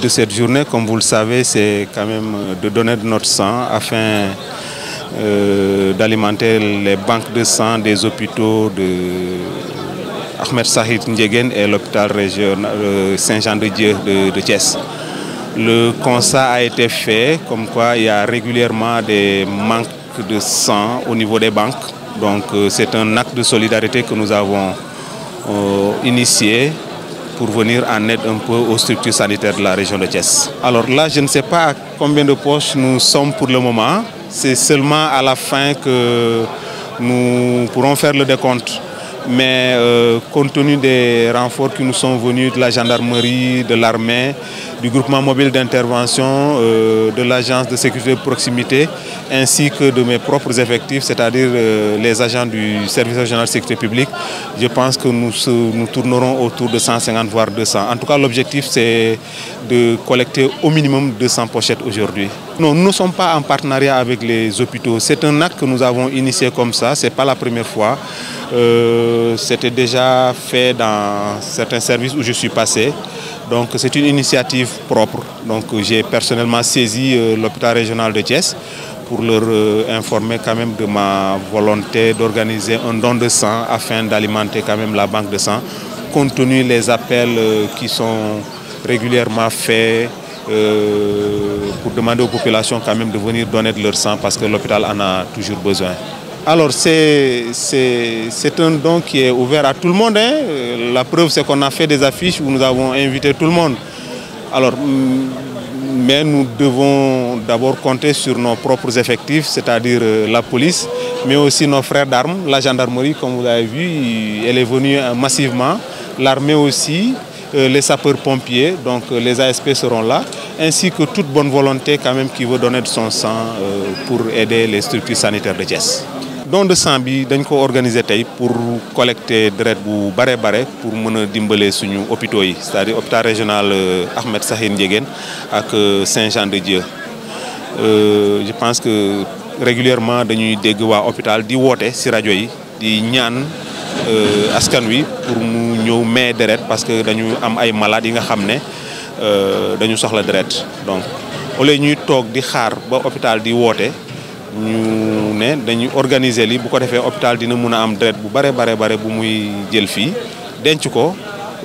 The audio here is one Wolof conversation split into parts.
de cette journée, comme vous le savez, c'est quand même euh, de donner de notre sang afin euh, d'alimenter les banques de sang des hôpitaux de Ahmed Sahid Ndjegen et l'hôpital régional euh, Saint-Jean-de-Dieu de, Thiès. Le constat a été fait comme quoi il y a régulièrement des manques de sang au niveau des banques. Donc c'est un acte de solidarité que nous avons initié pour venir en aide un peu aux structures sanitaires de la région de Thiès. Alors là, je ne sais pas combien de poches nous sommes pour le moment. C'est seulement à la fin que nous pourrons faire le décompte mais euh, compte tenu des renforts qui nous sont venus de la gendarmerie, de l'armée, du groupement mobile d'intervention, euh, de l'agence de sécurité de proximité, ainsi que de mes propres effectifs, c'est-à-dire euh, les agents du service général de sécurité publique, je pense que nous, nous tournerons autour de 150 voire 200. En tout cas, l'objectif c'est de collecter au minimum 200 pochettes aujourd'hui. nous ne sommes pas en partenariat avec les hôpitaux. C'est un acte que nous avons initié comme ça, ce n'est pas la première fois c'était déjà fait dans certains services où je suis passé. Donc c'est une initiative propre. Donc j'ai personnellement saisi euh, l'hôpital régional de Thiès pour leur euh, informer quand même de ma volonté d'organiser un don de sang afin d'alimenter quand même la banque de sang, compte tenu les appels euh, qui sont régulièrement faits pour demander aux populations quand même de venir donner de leur sang parce que l'hôpital en a toujours besoin. Alors c'est un don qui est ouvert à tout le monde. Hein. La preuve c'est qu'on a fait des affiches où nous avons invité tout le monde. Alors, mais nous devons d'abord compter sur nos propres effectifs, c'est-à-dire euh, la police, mais aussi nos frères d'armes. La gendarmerie, comme vous avez vu, elle est venue euh, massivement. L'armée aussi, euh, les sapeurs-pompiers, donc les ASP seront là, ainsi que toute bonne volonté quand même qui veut donner de son sang pour aider les structures sanitaires de Thiès don de sang bi dañ ko organiser tay pour collecter deret bu bare bare pour mën a suñu hôpitaux yi c'est-à-dire hôpital régional euh, Ahmed Sahin Ndiéguène ak euh, Saint-Jean-de-Dieu euh, je pense que régulièrement dañuy dégg wa hôpital di Woté, ci radio yi di ñaan askan wi pour mu ñëw des deret parce que dañu am ay malades yi nga xamné euh, dañu soxla deret donc au lieu ñuy tok di xaar ba hôpital di Woté, ñu ne dañuy organiser li bu ko defee hôpital dina mun a am deret bu bare bare bare bu muy jël fii denc ko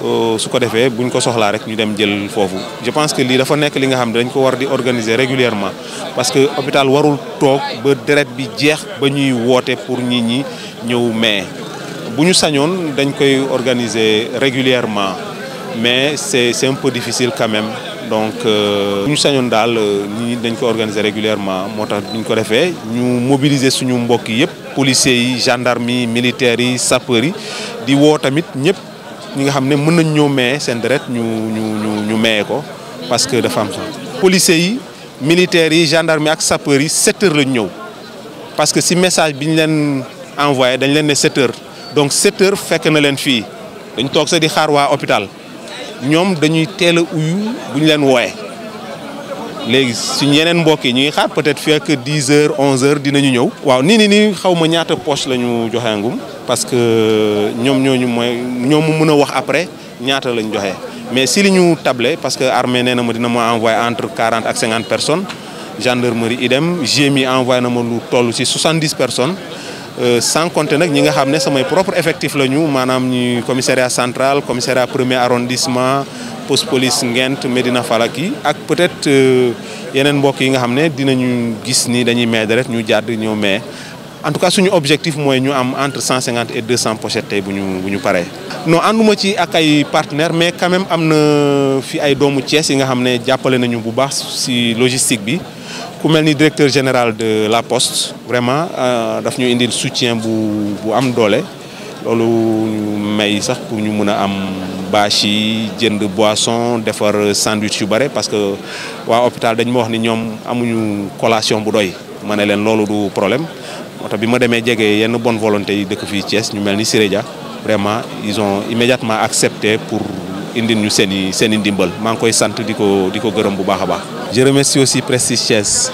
euh, su ko defee buñ ko soxlaa rek ñu dem jël foofu je pense que lii dafa nekk li nga xam ne dañ ko war di organiser régulièrement parce que hôpital warul toog ba deret bi jeex ba ñuy woote pour nit ñi ñëw mais bu ñu sañoon dañ koy organiser régulièrement mais c'est c'est un peu difficile quand donc nous euh, ñu sañoon euh, dañ ko organiser régulièrement nous ñu ko defee ñu mobiliser suñu mbokk policiers militaires yi sapeurs yi di wo tamit ñëpp ñi nga xamné mëna mën nañ ñoo maye seen ñu ñu ñu ko parce que policiers les militaires yi gendarmerie ak sapeurs yi 7 heures parce que si message est leen envoyé dañ leen 7 heures donc 7 heures fekk na leen fi dañ tok sa di xaar hôpital. ñoom dañuy teel a bu ñu leen wooyee léegi suñu yeneen mbokk yi ñu ngi xaar peut-être fii ak 10 heures 11 heures dinañu ñëw. waaw nii nii nii xaw ma ñaata poche la ñu joxe parce que ñoom ñooñu mooy ñoom mu mën a wax après ñaata lañ joxe mais si li ñu table parce que armée nee na ma dina ma envoyé entre 40 ak 50 personnes gendarmerie idem GMI envoyé na ma lu toll ci 70 personnes. Euh, sans compter nak ñi nga xamné ne samay propre effectif la ñu maanaam ñu commissariat central commissariat premier arrondissement poste police Ngent Medina Falaki ak peut-être euh, yenen mbokk yi nga xamné dinañu gis ni dañuy nyu deret ñu nyu ñu mé en tout cas suñu objectif moy ñu am entre 150 et 200 pochettes tay bu buñu bu non anduma ci ak ay partenaire mais quand même am fi ay doomu ties yi nga xamné jappalé nañu bu baax si logistique bi ku mel ni directeur général de la poste vraiment euh, daf ñu indil soutien bu bu am doole loolu ñu may sax pour ñu mëna am bâche jënd boisson defar sandwich yu bare parce que wa hôpital dañ mo wax ni ñom amuñu collation bu doy mané len leen du problème moo bima démé djégé yenn bonne volonté yi dëkk fi Thiès ñu mel ni Sirédia vraiment ils ont immédiatement accepté pour indi ñu seen i seen i ndimbal maa ngi koy sant diko diko gërëm bu baax baax. Je remercie aussi Prestige